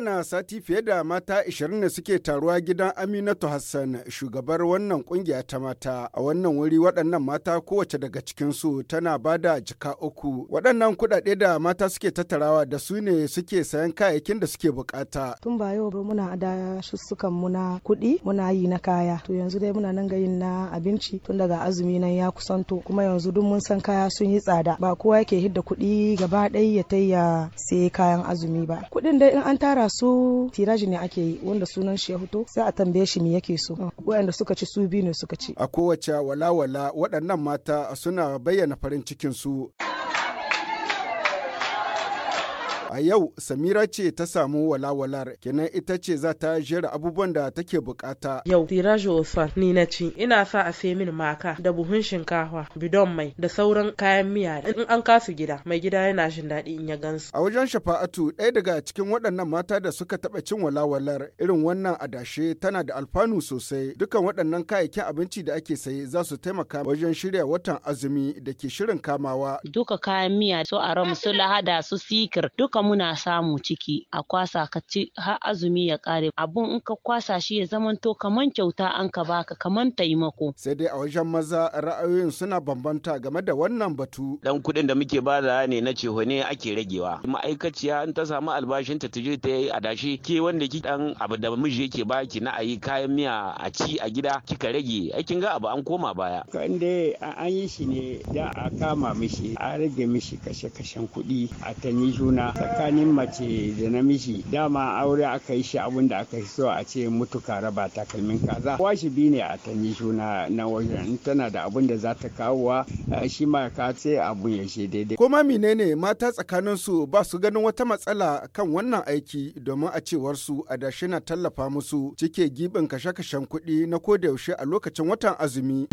Kowane sati fiye da mata 20 ne suke taruwa gidan Aminatu Hassan shugabar wannan kungiya ta mata a wannan wuri waɗannan mata kowace daga cikinsu tana ba da jika uku. Waɗannan kuɗaɗe da mata suke tattarawa da su ne suke sayan kayayyakin da suke bukata. Tun ba yau muna da shussukan muna kuɗi muna yi na kaya. To yanzu dai muna nan ga yin na abinci tun daga azumi nan ya kusanto kuma yanzu duk mun san kaya sun yi tsada ba kowa yake hidda kuɗi gaba ɗaya ya tayya sai kayan azumi ba. Kuɗin dai in an tara su tiraji ne ake yi wanda sunan shi ya fito sai a tambaye shi me yake so waɗanda suka ci su biyu ne suka ci a kowace walawala waɗannan mata suna bayyana farin cikin su A yau Samira ce ta samu walawalar kenan ita ce za ta jera abubuwan da take bukata. Yau Tirajo Osman ni na ci ina sa a sai min maka da buhun shinkafa bidon mai da sauran kayan miya in an kasu gida mai gida yana jin daɗi in ya gansu. A wajen Shafa'atu ɗaya daga cikin waɗannan mata da suka taɓa cin walawalar irin wannan adashe tana da alfanu sosai dukan waɗannan kayayyakin abinci da ake sayi za su taimaka wajen shirya watan azumi da ke shirin kamawa. Duka kayan miya su aram su lahada su sikir duka duka muna samu ciki a kwasa ka ci har azumi ya kare abun in ka kwasa shi ya zamanto kaman kyauta an ka baka kaman taimako sai dai a wajen maza ra'ayoyin suna bambanta game da wannan batu dan kuɗin da muke ba bada ne na ceho ne ake ragewa ma'aikaciya in ta samu albashin ta tije ta yi adashi ke wanda ki dan abu da miji yake baki na ayi kayan miya a ci a gida kika rage aikin ga abu an koma baya inda an yi shi ne da a kama mishi a rage mishi kashe-kashen kuɗi a tanyi juna tsakanin mace da namiji dama aure aka yi shi abin da aka so a ce mutuka raba takalmin kaza biyu ne a tanyi juna na wajen tana da abin da za ta kawowa shi ma ka ce abin ya she daidai kuma menene mata tsakanin su ba su ganin wata matsala kan wannan aiki domin a cewar su adashi na tallafa musu cike gibin kashe-kashen kuɗi na kodayaushe a lokacin watan azumi.